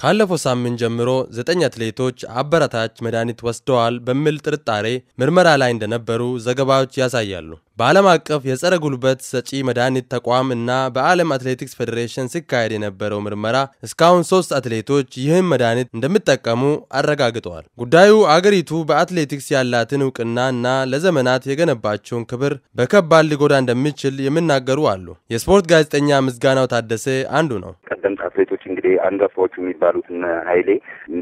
ካለፈው ሳምንት ጀምሮ ዘጠኝ አትሌቶች አበረታች መድኃኒት ወስደዋል በሚል ጥርጣሬ ምርመራ ላይ እንደነበሩ ዘገባዎች ያሳያሉ። በዓለም አቀፍ የጸረ ጉልበት ሰጪ መድኃኒት ተቋም እና በዓለም አትሌቲክስ ፌዴሬሽን ሲካሄድ የነበረው ምርመራ እስካሁን ሶስት አትሌቶች ይህም መድኃኒት እንደሚጠቀሙ አረጋግጠዋል። ጉዳዩ አገሪቱ በአትሌቲክስ ያላትን እውቅና እና ለዘመናት የገነባቸውን ክብር በከባድ ሊጎዳ እንደሚችል የሚናገሩ አሉ። የስፖርት ጋዜጠኛ ምስጋናው ታደሰ አንዱ ነው። ቀደምት አትሌቶች እንግዲህ አንጋፋዎቹ የሚባሉት ኃይሌ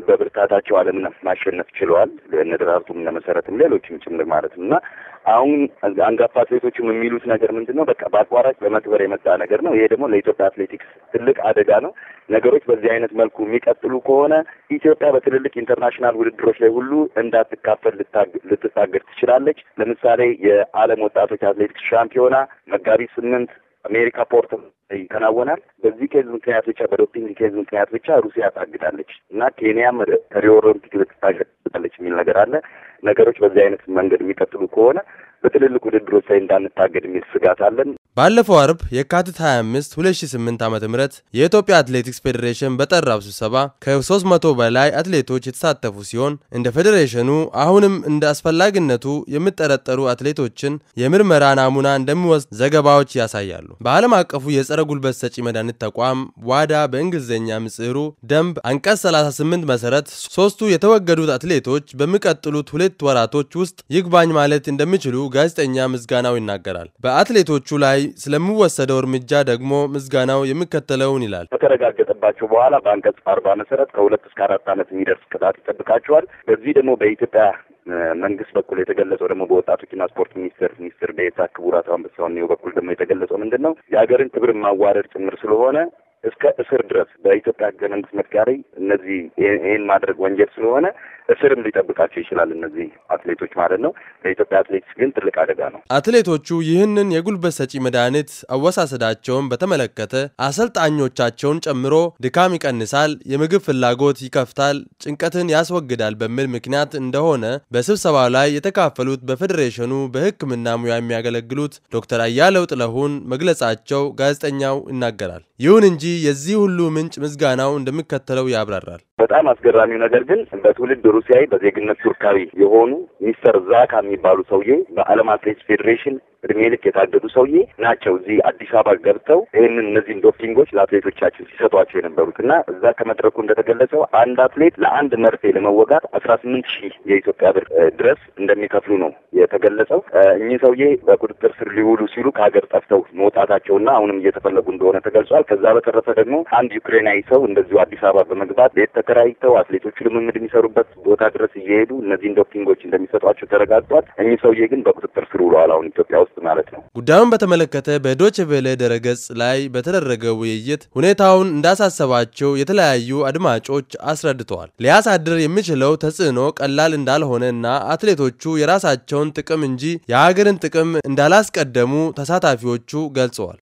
በብርታታቸው ዓለምን ማሸነፍ ችለዋል። እነ ደራርቱም እነ መሰረትም ሌሎችም ጭምር ማለት እና አሁን አንጋፋ አትሌቶችም የሚሉት ነገር ምንድን ነው? በቃ በአቋራጭ በመክበር የመጣ ነገር ነው። ይሄ ደግሞ ለኢትዮጵያ አትሌቲክስ ትልቅ አደጋ ነው። ነገሮች በዚህ አይነት መልኩ የሚቀጥሉ ከሆነ ኢትዮጵያ በትልልቅ ኢንተርናሽናል ውድድሮች ላይ ሁሉ እንዳትካፈል ልትታገድ ትችላለች። ለምሳሌ የዓለም ወጣቶች አትሌቲክስ ሻምፒዮና መጋቢት ስምንት አሜሪካ ፖርት ይከናወናል። በዚህ ኬዝ ምክንያት ብቻ በዶፒንግ ኬዝ ምክንያት ብቻ ሩሲያ ታግዳለች እና ኬንያም ከሪዮ ኦሎምፒክ ልትታገድ ትችላለች የሚል ነገር አለ። ነገሮች በዚህ አይነት መንገድ የሚቀጥሉ ከሆነ በትልልቅ ውድድሮች ላይ እንዳንታገድ የሚል ስጋት አለን። ባለፈው አርብ የካቲት 25 2008 ዓ ም የኢትዮጵያ አትሌቲክስ ፌዴሬሽን በጠራው ስብሰባ ከ300 በላይ አትሌቶች የተሳተፉ ሲሆን እንደ ፌዴሬሽኑ አሁንም እንደ አስፈላጊነቱ የሚጠረጠሩ አትሌቶችን የምርመራ ናሙና እንደሚወስድ ዘገባዎች ያሳያሉ። በዓለም አቀፉ የጸረ ጉልበት ሰጪ መድኃኒት ተቋም ዋዳ በእንግሊዝኛ ምጽሩ ደንብ አንቀጽ 38 መሰረት ሶስቱ የተወገዱት አትሌቶች በሚቀጥሉት ሁለት ወራቶች ውስጥ ይግባኝ ማለት እንደሚችሉ ጋዜጠኛ ምስጋናው ይናገራል። በአትሌቶቹ ላይ ስለሚወሰደው እርምጃ ደግሞ ምስጋናው የሚከተለውን ይላል። ከተረጋገጠባቸው በኋላ በአንቀጽ አርባ መሰረት ከሁለት እስከ አራት ዓመት የሚደርስ ቅጣት ይጠብቃቸዋል። በዚህ ደግሞ በኢትዮጵያ መንግስት በኩል የተገለጸው ደግሞ በወጣቶችና ስፖርት ሚኒስቴር ሚኒስትር ዴኤታ ክቡር አቶ አንበሳው በኩል ደግሞ የተገለጸው ምንድን ነው? የሀገርን ክብር ማዋረድ ጭምር ስለሆነ እስከ እስር ድረስ በኢትዮጵያ ሕገ መንግስት እነዚህ ይህን ማድረግ ወንጀል ስለሆነ እስርም ሊጠብቃቸው ይችላል። እነዚህ አትሌቶች ማለት ነው። ለኢትዮጵያ አትሌቲክስ ግን ትልቅ አደጋ ነው። አትሌቶቹ ይህንን የጉልበት ሰጪ መድኃኒት አወሳሰዳቸውን በተመለከተ አሰልጣኞቻቸውን ጨምሮ ድካም ይቀንሳል፣ የምግብ ፍላጎት ይከፍታል፣ ጭንቀትን ያስወግዳል በሚል ምክንያት እንደሆነ በስብሰባው ላይ የተካፈሉት በፌዴሬሽኑ በሕክምና ሙያ የሚያገለግሉት ዶክተር አያለው ጥለሁን መግለጻቸው ጋዜጠኛው ይናገራል። ይሁን እንጂ የዚህ ሁሉ ምንጭ ምስጋናው እንደሚከተለው ያብራራል። በጣም አስገራሚው ነገር ግን በትውልድ ሩሲያዊ በዜግነት ቱርካዊ የሆኑ ሚስተር ዛካ የሚባሉ ሰውዬ በዓለም አትሌቲክስ ፌዴሬሽን እድሜ ልክ የታገዱ ሰውዬ ናቸው። እዚህ አዲስ አበባ ገብተው ይህንን እነዚህን ዶፒንጎች ለአትሌቶቻችን ሲሰጧቸው የነበሩት እና እዛ ከመድረኩ እንደተገለጸው አንድ አትሌት ለአንድ መርፌ ለመወጋት አስራ ስምንት ሺህ የኢትዮጵያ ብር ድረስ እንደሚከፍሉ ነው የተገለጸው። እኚህ ሰውዬ በቁጥጥር ስር ሊውሉ ሲሉ ከሀገር ጠፍተው መውጣታቸውና አሁንም እየተፈለጉ እንደሆነ ተገልጿል። ከዛ በተረፈ ደግሞ አንድ ዩክሬናዊ ሰው እንደዚሁ አዲስ አበባ በመግባት ተከራይተው አትሌቶቹ ልምምድ የሚሰሩበት ቦታ ድረስ እየሄዱ እነዚህን ዶፒንጎች እንደሚሰጧቸው ተረጋግጧል። እኚህ ሰውዬ ግን በቁጥጥር ስር ውለዋል፣ አሁን ኢትዮጵያ ውስጥ ማለት ነው። ጉዳዩን በተመለከተ በዶች ቬለ ድረገጽ ላይ በተደረገ ውይይት ሁኔታውን እንዳሳሰባቸው የተለያዩ አድማጮች አስረድተዋል። ሊያሳድር የሚችለው ተጽዕኖ ቀላል እንዳልሆነ እና አትሌቶቹ የራሳቸውን ጥቅም እንጂ የሀገርን ጥቅም እንዳላስቀደሙ ተሳታፊዎቹ ገልጸዋል።